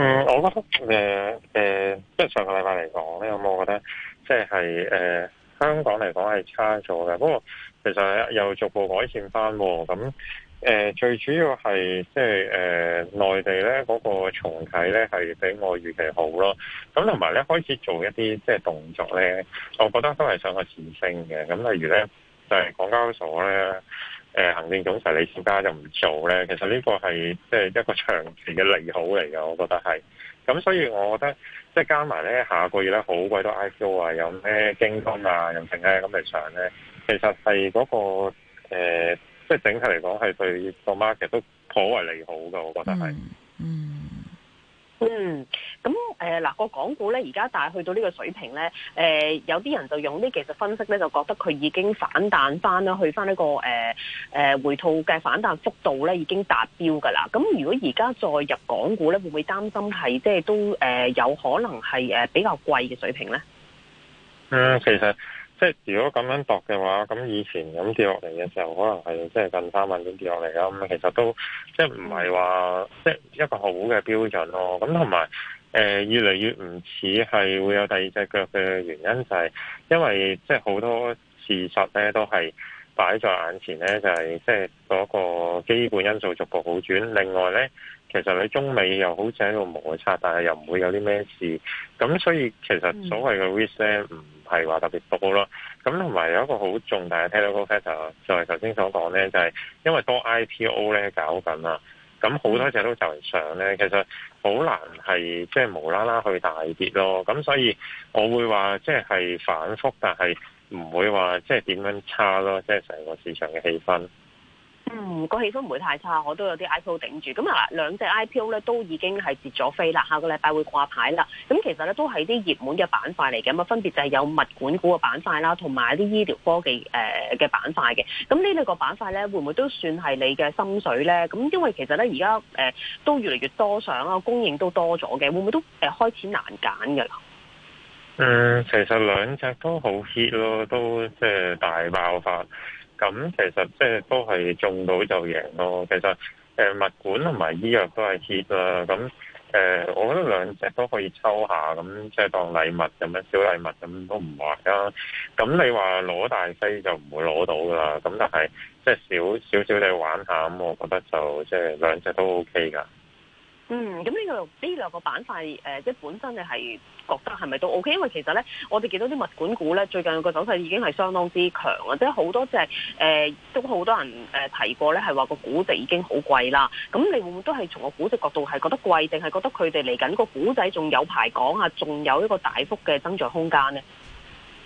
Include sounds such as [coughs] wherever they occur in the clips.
嗯，我覺得誒誒，即、呃、係、呃、上個禮拜嚟講咧，咁、嗯、我覺得即係誒香港嚟講係差咗嘅，不過其實又逐步改善返喎。咁、嗯、誒、呃、最主要係即係誒、呃、內地咧嗰個重啟咧係比我預期好咯。咁同埋咧開始做一啲即係動作咧，我覺得都係上個市升嘅。咁、嗯、例如咧就係、是、港交所咧。誒行政總裁李小加就唔做咧，其實呢個係即係一個長期嘅利好嚟嘅，我覺得係。咁所以，我覺得即係加埋咧，下個月咧好鬼多 IPO 啊，有咩京東啊、人情咧、咁嚟上咧，其實係嗰個誒，即係整體嚟講係對個 market 都頗為利好㗎，我覺得係。嗯。嗯。嗱，個港股咧而家大係去到呢個水平咧，誒、呃、有啲人就用啲技術分析咧，就覺得佢已經反彈翻啦，去翻呢個誒誒、呃、回吐嘅反彈幅度咧已經達標噶啦。咁如果而家再入港股咧，會唔會擔心係即係都誒有可能係誒比較貴嘅水平咧？嗯，其實即係如果咁樣度嘅話，咁以前咁跌落嚟嘅時候，可能係即係近三萬點跌落嚟啦。咁其實都即係唔係話即係一個好嘅標準咯。咁同埋。誒越嚟越唔似係會有第二隻腳嘅原因，就係因為即係好多事實咧，都係擺在眼前咧，就係即係嗰個基本因素逐步好轉。另外咧，其實你中美又好似喺度摩擦，但係又唔會有啲咩事。咁所以其實所謂嘅 risk 唔係話特別多咯。咁同埋有一個好重大嘅 technical factor，就係頭先所講咧，就係因為多 IPO 咧搞緊啊，咁好多隻都就嚟上咧，其實。好難係即係無啦啦去大跌咯，咁所以我會話即係係反覆，但係唔會話即係點樣差咯，即係成個市場嘅氣氛。嗯，個氣氛唔會太差，我都有啲 IPO 頂住。咁啊，兩隻 IPO 咧都已經係截咗飛啦，下個禮拜會掛牌啦。咁其實咧都係啲熱門嘅板塊嚟嘅，咁啊分別就係有物管股嘅板塊啦，同埋啲醫療科技誒嘅、呃、板塊嘅。咁呢兩個板塊咧，會唔會都算係你嘅心水咧？咁因為其實咧而家誒都越嚟越多上啦、啊，供應都多咗嘅，會唔會都誒開始難揀㗎啦？嗯，其實兩隻都好 hit 咯，都即係大爆發。咁其實即係都係中到就贏咯。其實誒物管同埋醫藥都係 heat 啦。咁誒，我覺得兩隻都可以抽下，咁即係當禮物，咁樣小禮物咁都唔壞啦。咁你話攞大飛就唔會攞到噶啦。咁但係即係少少少哋玩下咁，我覺得就即係、就是、兩隻都 OK 噶。嗯，咁呢個呢兩個板塊，誒、呃，即係本身你係覺得係咪都 OK？因為其實咧，我哋見到啲物管股咧，最近個走勢已經係相當之強啊，即係好多隻誒、呃、都好多人誒提過咧，係話個估值已經好貴啦。咁你會唔會都係從個估值角度係覺得貴，定係覺得佢哋嚟緊個股仔仲有排講啊，仲有一個大幅嘅增長空間咧？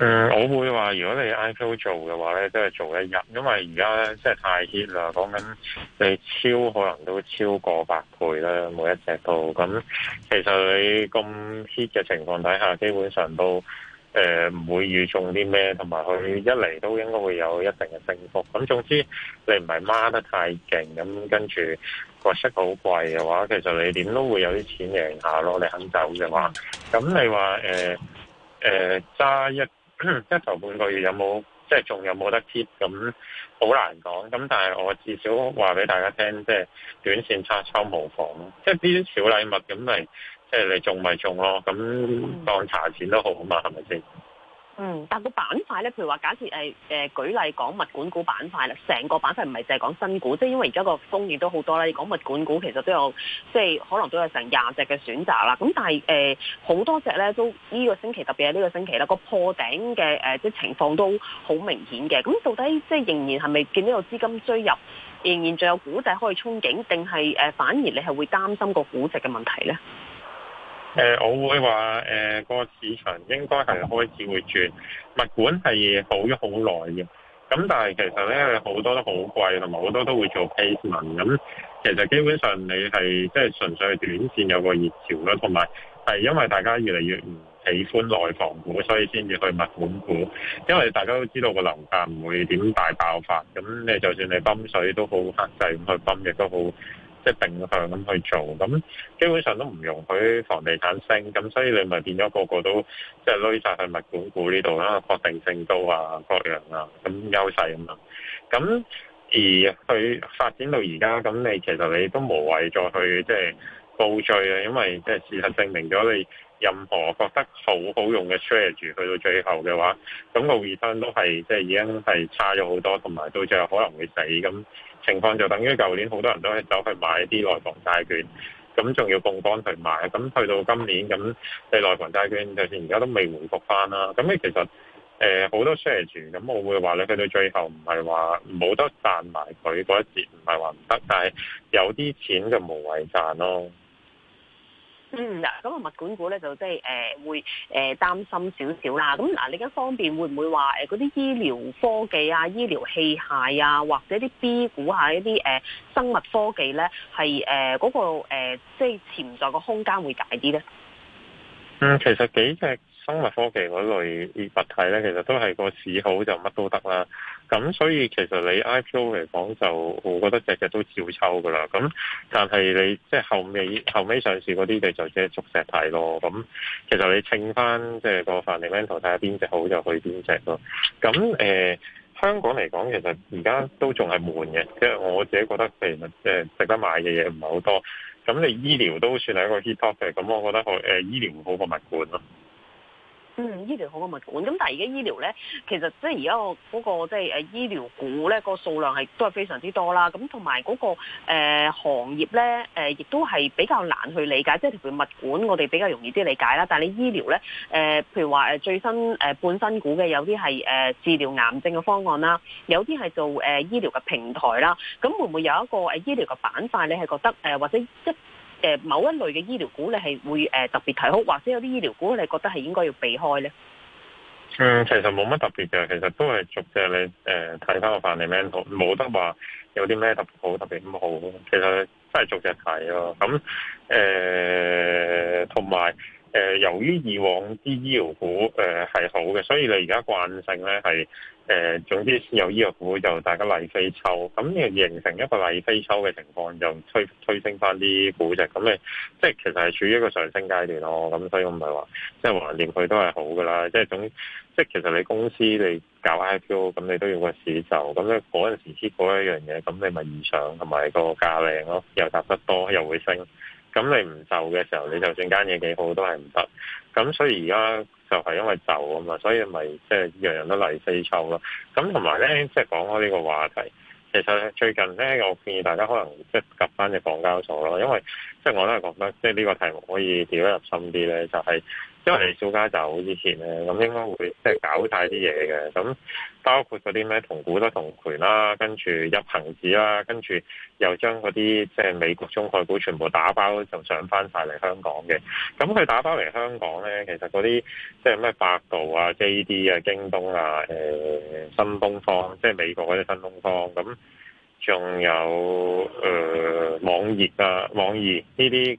嗯，uh, 我會話如果你 IPO 做嘅話咧，都係做一日，因為而家咧，即係太 hit 啦，講緊你超可能都超過百倍啦，每一隻都。咁其實你咁 hit 嘅情況底下，基本上都誒唔、呃、會預中啲咩，同埋佢一嚟都應該會有一定嘅升幅。咁總之你唔係孖得太勁，咁跟住個息好貴嘅話，其實你點都會有啲錢贏下咯。你肯走嘅話，咁你話誒誒揸一。 [coughs] 一頭半個月有冇，即係仲有冇得 keep 咁，好難講，咁但係我至少話俾大家聽，即係短線拆抽無妨咯，即呢啲小禮物咁咪即係你中咪中咯，咁當茶錢都好嘛，係咪先？嗯，但個板塊咧，譬如話，假設誒誒、呃呃，舉例講物管股板塊啦，成個板塊唔係淨係講新股，即係因為而家個風險都好多啦。你講物管股其實都有，即係可能都有成廿隻嘅選擇啦。咁但係誒，好、呃、多隻咧都呢、這個星期特別係呢個星期啦，個破頂嘅誒、呃、即係情況都好明顯嘅。咁到底即係仍然係咪見到有資金追入，仍然仲有股值可以憧憬？定係誒反而你係會擔心個股值嘅問題咧？誒、呃，我會話誒個市場應該係開始會轉物管係好咗好耐嘅，咁但係其實咧好多都好貴，同埋好多都會做 placement、嗯。咁其實基本上你係即係純粹係短線有個熱潮啦，同埋係因為大家越嚟越唔喜歡內房股，所以先至去物管股。因為大家都知道個樓價唔會點大爆發，咁、嗯、你就算你泵水都好克制，咁去泵亦都好。即係定向咁去做，咁基本上都唔容許房地產升，咁所以你咪變咗個個都即係推曬去物管股呢度啦，確定性高啊，各樣啊，咁優勢咁嘛。咁而佢發展到而家，咁你其實你都無謂再去即係佈局啊，因為即係事實證明咗你。任何覺得好好用嘅 share 住，去到最後嘅話，咁個 return 都係即係已經係差咗好多，同埋到最後可能會死咁情況，就等於舊年好多人都係走去買啲內房債券，咁仲要槓桿去買，咁去到今年咁，你內房債券就算而家都未回覆翻啦。咁咧其實誒好、呃、多 share 住，咁我會話咧，去到最後唔係話冇得賺埋佢嗰一節，唔係話唔得，但係有啲錢就無謂賺咯。嗯，嗱、那個，咁啊物管股咧就即係誒、呃、會誒、呃、擔心少少啦。咁、嗯、嗱，另一方面會唔會話誒嗰啲醫療科技啊、醫療器械啊，或者啲 B 股啊一啲誒、呃、生物科技咧，係誒嗰個、呃、即係潛在個空間會大啲咧？嗯，其實幾隻。生物科技嗰類物體咧，其實都係個市好就乜都得啦。咁所以其實你 IPO 嚟講，就我覺得隻隻都照抽㗎啦。咁但係你即係、就是、後尾後尾上市嗰啲，就即係逐石睇咯。咁其實你稱返即係個 fundamental 睇下邊隻好就去邊隻咯。咁誒、呃、香港嚟講，其實而家都仲係悶嘅，即、就、係、是、我自己覺得譬其實誒值得買嘅嘢唔係好多。咁你醫療都算係一個 hit top 嘅，咁我覺得誒、呃、醫療好過物管咯。嗯，醫療好過物管，咁但係而家醫療咧，其實即係而家我嗰個即係誒醫療股咧，嗰個數量係都係非常之多啦。咁同埋嗰個、呃、行業咧，誒、呃、亦都係比較難去理解，即係譬如物管我哋比較容易啲理解啦。但係你醫療咧，誒、呃、譬如話誒最新誒半新股嘅，呃、有啲係誒治療癌症嘅方案啦，有啲係做誒、呃、醫療嘅平台啦。咁會唔會有一個誒、呃、醫療嘅板塊？你係覺得誒、呃、或者一？誒，某一類嘅醫療股，你係會誒特別睇好，或者有啲醫療股你覺得係應該要避開咧？嗯，其實冇乜特別嘅，其實都係逐隻你誒睇翻個 fundamental，冇、呃、得話有啲咩特別好、特別唔好。其實真係逐隻睇咯。咁誒，同、呃、埋。誒、呃，由於以往啲醫療股誒係、呃、好嘅，所以你而家慣性咧係誒，總之有醫藥股就大家例必抽，咁誒形成一個例必抽嘅情況，就推推升翻啲股值，咁你即係其實係處於一個上升階段咯。咁所以我唔係話即係橫掂佢都係好嘅啦。即係總即係其實你公司你搞 IPO，咁你都要個市就咁咧嗰陣時 hit 嗰一樣嘢，咁你咪異常同埋個價靚咯，又踏得多又會升。咁你唔就嘅時候，你就算間嘢幾好都係唔得。咁所以而家就係因為就啊嘛，所以咪即係樣樣都嚟四臭咯。咁同埋咧，即係講開呢個話題，其實最近咧，我建議大家可能即係及翻隻港交所咯，因為即係我都係覺得即係呢個題目可以調得入深啲咧，就係、是。因為小佳就好以前咧，咁應該會即係搞晒啲嘢嘅，咁包括嗰啲咩同股不同權啦，跟住入恆指啦，跟住又將嗰啲即係美國中概股全部打包就上翻晒嚟香港嘅。咁佢打包嚟香港咧，其實嗰啲即係咩百度啊、JD 啊、京東啊、誒、呃、新東方，即、就、係、是、美國嗰啲新東方，咁仲有誒、呃、網易啊、網易呢啲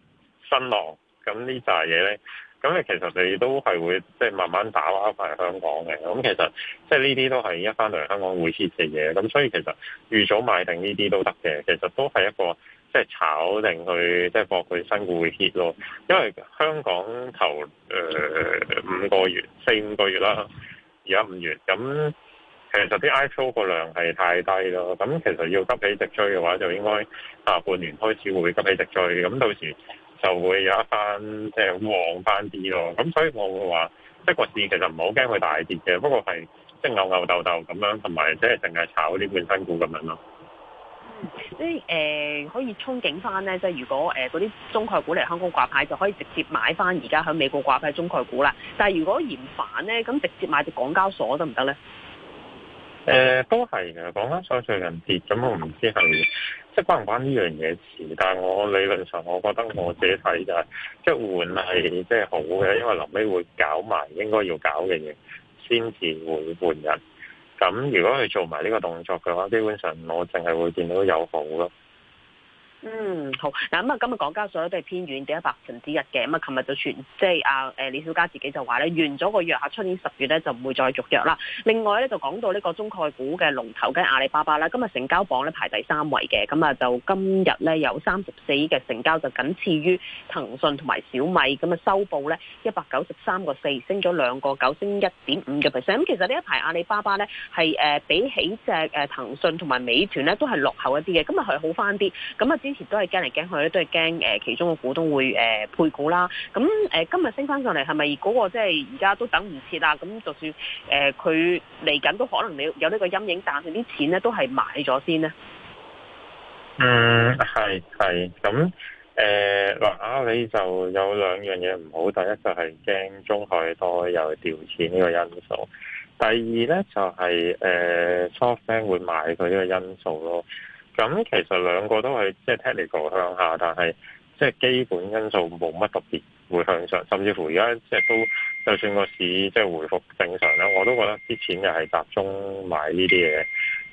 新浪，咁呢大嘢咧。咁你其實你都係會即係慢慢打翻翻嚟香港嘅，咁其實即係呢啲都係一翻嚟香港會 hit 嘅嘢，咁所以其實預早買定呢啲都得嘅，其實都係一個即係炒定佢，即係博佢新股會 hit 咯。因為香港頭誒、呃、五個月四五個月啦，而家五月，咁其實啲 IPO 個量係太低咯。咁其實要急起直追嘅話，就應該、啊、下半年開始會急起直追，咁到時，就會有一番即係旺翻啲咯，咁所以我會話，即係個市其實唔好驚佢大跌嘅，不過係即係牛牛豆豆咁樣，同埋即係淨係炒啲半新股咁樣咯。啲誒、嗯呃、可以憧憬翻咧，即、就、係、是、如果誒嗰啲中概股嚟香港掛牌，就可以直接買翻而家喺美國掛牌中概股啦。但係如果嫌煩咧，咁直接買隻港交所得唔得咧？誒、呃，都係嘅。講翻所得人跌，咁我唔知係即係關唔關呢樣嘢事。但係我理論上，我覺得我自己睇就係，即係換係即係好嘅，因為臨尾會搞埋應該要搞嘅嘢，先至會換人。咁如果佢做埋呢個動作嘅話，基本上我淨係會見到有好咯。嗯，好。嗱咁、嗯、啊，今日港交所都係偏軟，跌咗百分之一嘅。咁啊，琴日就全即係阿誒李小加自己就話咧完咗個約下，出年十月咧就唔會再續約啦。另外咧就講到呢個中概股嘅龍頭，跟阿里巴巴啦，今日成交榜咧排第三位嘅。咁啊，就今日咧有三十四嘅成交，就僅次於騰訊同埋小米。咁啊，收報咧一百九十三個四，升咗兩個九，升一點五嘅 percent。咁其實呢一排阿里巴巴咧係誒比起隻誒騰訊同埋美團咧都係落後一啲嘅。咁，日係好翻啲，咁啊之前都係驚嚟驚去咧，都係驚誒其中個股東會誒、呃、配股啦。咁誒、呃、今日升翻上嚟，係咪嗰個即係而家都等唔切啦？咁就算誒佢嚟緊都可能有有呢個陰影，但係啲錢咧都係買咗先呢。嗯，係係咁誒嗱，你、呃呃、就有兩樣嘢唔好。第一就係驚中海多又調錢呢個因素。第二呢就係誒 SoftBank 會買佢呢個因素咯。咁其實兩個都係即係 technical 向下，但係即係基本因素冇乜特別會向上，甚至乎而家即係都就算個市即係回復正常咧，我都覺得啲錢又係集中買呢啲嘢，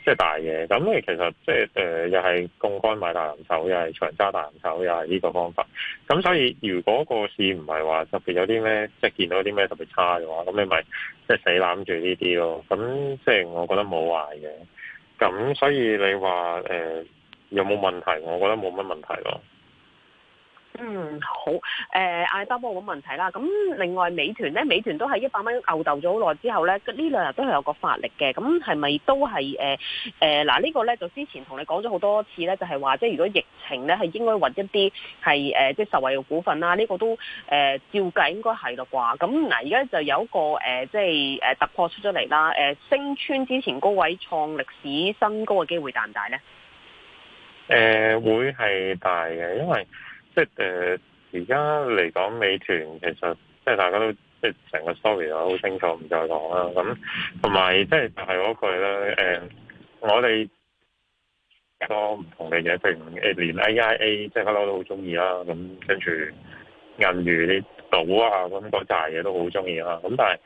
即係大嘅。咁誒其實即係誒又係槓桿買大銀手，又係長揸大銀手，又係呢個方法。咁所以如果個市唔係話特別有啲咩，即係見到啲咩特別差嘅話，咁你咪即係死攬住呢啲咯。咁即係我覺得冇壞嘅。咁所以你話誒有冇問題？我覺得冇乜問題咯。嗯，好。誒、呃，艾莎波冇問題啦。咁、嗯、另外美呢，美團咧，美團都係一百蚊牛鬥咗好耐之後咧，呢兩日都係有個發力嘅。咁係咪都係誒誒？嗱、呃，呃這個、呢個咧就之前同你講咗好多次咧，就係、是、話即係如果疫情咧係應該揾一啲係誒即係受惠嘅股份啦。呢、這個都誒、呃、照計應該係咯啩。咁、嗯、嗱，而、呃、家就有個誒、呃、即係誒突破出咗嚟啦。誒、呃，升穿之前高位創歷史新高嘅機會大唔大咧？誒、呃，會係大嘅，因為。即係誒，而家嚟講美團其實即係大家都即係成個 story 都好清楚，唔再講啦。咁同埋即係嗱嗰句啦，誒、呃，我哋多唔同嘅嘢，譬如誒連 AIA 即係不嬲都好中意啦。咁跟住銀娛啲賭啊，咁、那、嗰、個、大嘢都好中意啦。咁但係。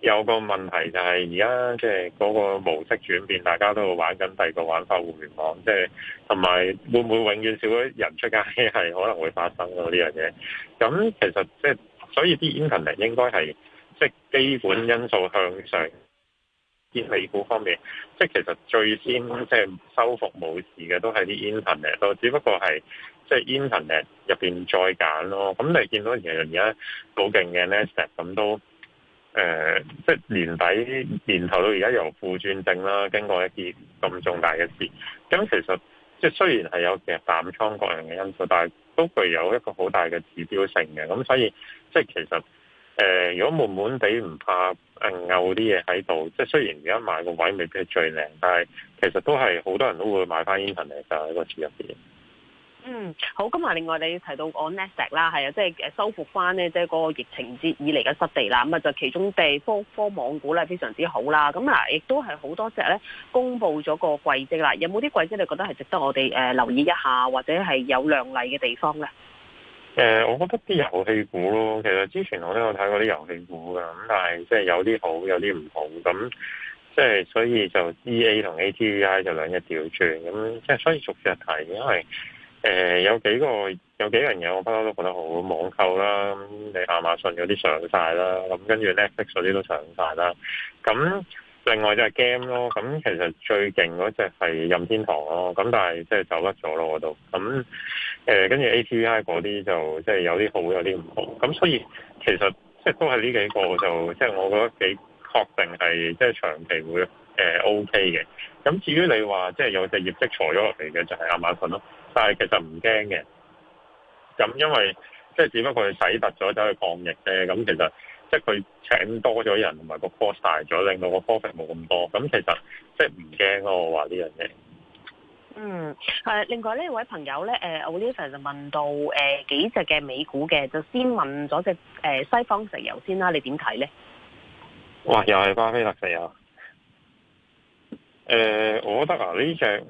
有個問題就係而家即係嗰個模式轉變，大家都係玩緊第二個玩法互聯網，即係同埋會唔會永遠少咗人出街係可能會發生咯呢樣嘢。咁其實即係所以啲 internet 應該係即係基本因素向上。啲美股方面，即係其實最先即係收復冇事嘅都係啲 internet 都只不過係即係 internet 入邊再揀咯。咁你見到其實而家好勁嘅 nest，咁都。誒、呃，即係年底年頭到而家由負轉正啦，經過一啲咁重大嘅事，咁其實即係雖然係有隻淡倉個人嘅因素，但係都具有一個好大嘅指標性嘅。咁所以即係其實誒、呃，如果悶悶地唔怕誒有啲嘢喺度，即係雖然而家買個位未必係最靚，但係其實都係好多人都會買翻 internet 嚟喺個市入邊。嗯，好。咁啊，另外你提到個 n e t 啦，係啊，即係誒收復翻咧，即係嗰個疫情之以嚟嘅失地啦。咁啊，就其中地科科網股咧非常之好啦。咁啊，亦都係好多隻咧公布咗個季績啦。有冇啲季績你覺得係值得我哋誒、呃、留意一下，或者係有亮麗嘅地方咧？誒、呃，我覺得啲遊戲股咯，其實之前我都有睇過啲遊戲股噶，咁但係即係有啲好，有啲唔好。咁即係所以就 E A 同 A T V I 就兩日調轉。咁即係所以逐日睇，因為。誒、呃，有幾個有幾樣嘢，我不嬲都覺得好網購啦。你亞馬遜嗰啲上晒啦，咁跟住 Netflix 嗰啲都上晒啦。咁另外就係 game 咯。咁其實最勁嗰隻係任天堂咯。咁但係即係走甩咗咯，我都咁誒。跟住 ATVI 嗰啲就即係、就是、有啲好，有啲唔好。咁所以其實即係都係呢幾個就即係、就是、我覺得幾確定係即係長期會誒 O K 嘅。咁、呃 okay、至於你話即係有隻業績坐咗落嚟嘅，就係、是、亞馬遜咯。但係其實唔驚嘅，咁因為即係只不過佢洗突咗走去抗疫啫，咁其實即係佢請多咗人同埋個 cost 大咗，令到個 profit 冇咁多，咁其實即係唔驚咯。我話呢樣嘢，嗯，誒，另外呢位朋友咧，誒 Oliver 就問到，誒、呃，幾隻嘅美股嘅，就先問咗隻誒西方石油先啦，你點睇咧？哇，又係巴菲特石油？誒、呃，我覺得啊，呢隻。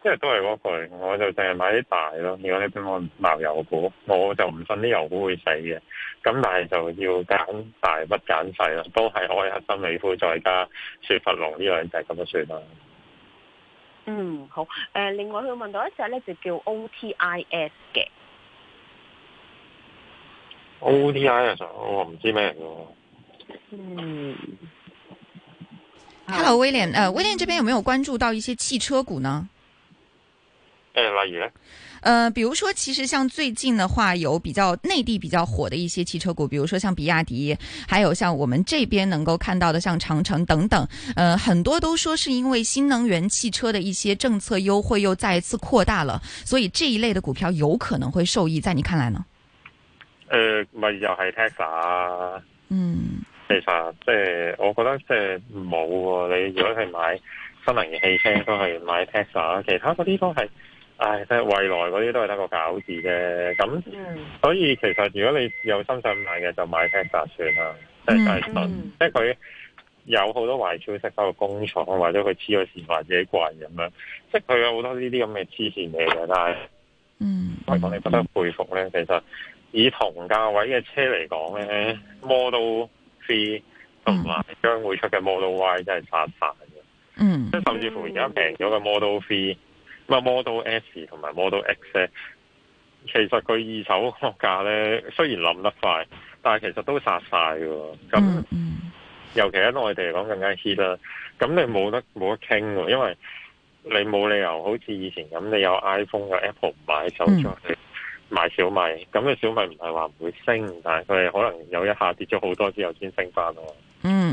即係都係嗰、那個，我就淨係買啲大咯。如果你俾我買油股，我就唔信啲油股會死嘅。咁但係就要揀大不揀細啦，都係埃克森美孚再加雪佛龍呢兩隻咁樣算啦。嗯，好。誒、呃，另外佢問到一隻咧，就叫 OTIS 嘅，OTIS 我唔知咩嚟㗎。嗯。Hello，威廉，誒，威廉，這邊有沒有關注到一些汽車股呢？例如咧，誒、呃，比如說，其實像最近的話，有比較內地比較火的一些汽車股，比如說像比亞迪，還有像我們這邊能夠看到的，像長城等等，誒、呃，很多都說是因為新能源汽車的一些政策優惠又再一次擴大了，所以這一類的股票有可能會受益。在你看來呢？誒、呃，咪又係 Tesla？嗯，其實即係，我覺得即係冇，你如果係買新能源汽車都係買 Tesla，其他嗰啲都係。唉，即係蔚來嗰啲都係得個講字嘅，咁所以其實如果你有心想買嘅，就買 Tesla 算啦，即係真，即係佢有好多壞消息，包括工廠或者佢黐咗線或者貴咁樣，即係佢有好多呢啲咁嘅黐線嘢嘅。但係，嗯，我哋不得不佩服咧，其實以同價位嘅車嚟講咧，Model Three 同埋將會出嘅 Model Y 真係炸彈嘅。嗯，即係甚至乎而家平咗嘅 Model Three。咁啊，Model S 同埋 Model X，其實佢二手個價咧，雖然冧得快，但係其實都殺晒嘅。咁，mm hmm. 尤其喺內地嚟講更加 hit 啦。咁你冇得冇得傾，因為你冇理由好似以前咁，你有 iPhone 有 Apple 唔買手機，mm hmm. 買小米。咁你小米唔係話唔會升，但係佢係可能有一下跌咗好多之後先升翻咯。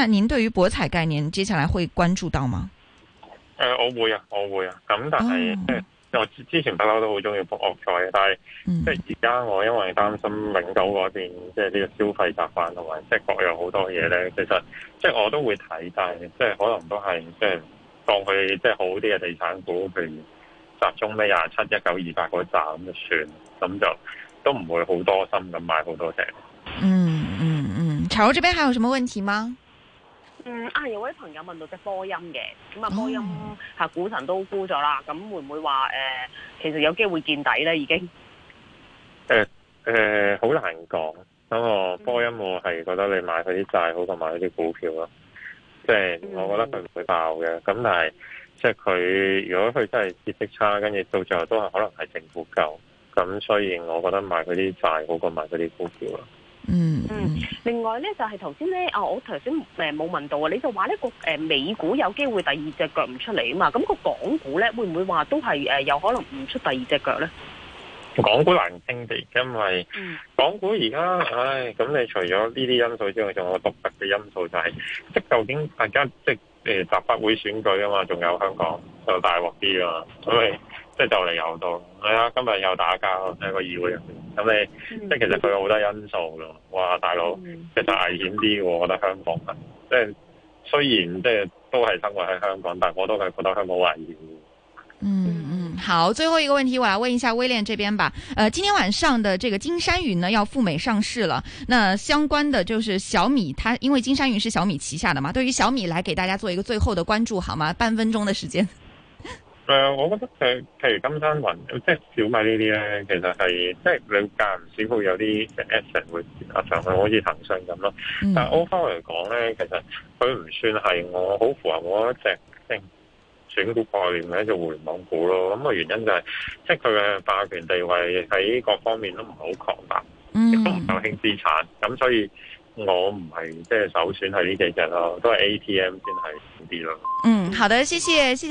那您對於博彩概念接下來會關注到嗎？誒、呃，我會啊，我會啊。咁、嗯、但係是，即係、哦、我之前不嬲都好中意博彩，但係即係而家我因為擔心永久嗰邊，即係呢個消費習慣同埋即係各樣好多嘢咧，其實即係我都會睇，但係即係可能都係即係當佢即係好啲嘅地產股，譬如集中喺廿七、一九、二八嗰站就算，咁就都唔會好多心咁買好多隻、嗯。嗯嗯嗯，巧若這邊還有什麼問題嗎？嗯啊，有位朋友問到隻波音嘅，咁啊波音吓股神都沽咗啦，咁會唔會話誒、呃，其實有機會見底咧？已經誒誒，好、呃呃、難講。咁我、嗯、波音我係覺得你買佢啲債好過買佢啲股票咯，即係、嗯、我覺得佢唔會爆嘅。咁但係、嗯、即係佢如果佢真係業績差，跟住到最後都係可能係政府救。咁所以我覺得買佢啲債好過買佢啲股票咯。嗯嗯，另外咧就係頭先咧，啊、哦、我頭先誒冇問到啊，你就話呢個誒美股有機會第二隻腳唔出嚟啊嘛，咁個港股咧會唔會話都係誒、呃、有可能唔出第二隻腳咧？港股難聽啲，因為港股而家，唉、哎，咁你除咗呢啲因素之外，仲有獨特嘅因素就係，即究竟大家即係誒，立法會選舉啊嘛，仲有香港就大鑊啲啊嘛，因為、嗯。以即係就嚟又到，係啊！今日又打交，即係個議會入邊。咁你即係其實佢有好多因素咯。哇，大佬，其實危險啲嘅，我覺得香港啊，即係雖然即係都係生活喺香港，但我都係覺得香港危險。嗯嗯，好，最後一個問題，我嚟問一下威廉這邊吧。呃，今天晚上的這個金山雲呢，要赴美上市了。那相關的就是小米，它因為金山雲是小米旗下的嘛，對於小米來，給大家做一個最後的關注，好嗎？半分鐘的時間。 [noise] 嗯、我覺得誒，譬如金山雲，即係小米呢啲咧，其實係即係你間唔少會有啲 action 會跌落上去，好似騰訊咁咯。但係 overall 嚟講咧，其實佢唔算係我好符合我一隻正選股概念嘅一隻互聯網股咯。咁、嗯、個原因就係、是，即係佢嘅霸權地位喺各方面都唔係好強大，亦都唔夠輕資產，咁所以我唔係即係首選係呢幾隻咯，都係 ATM 先係好啲咯。嗯，好的，謝謝謝，謝。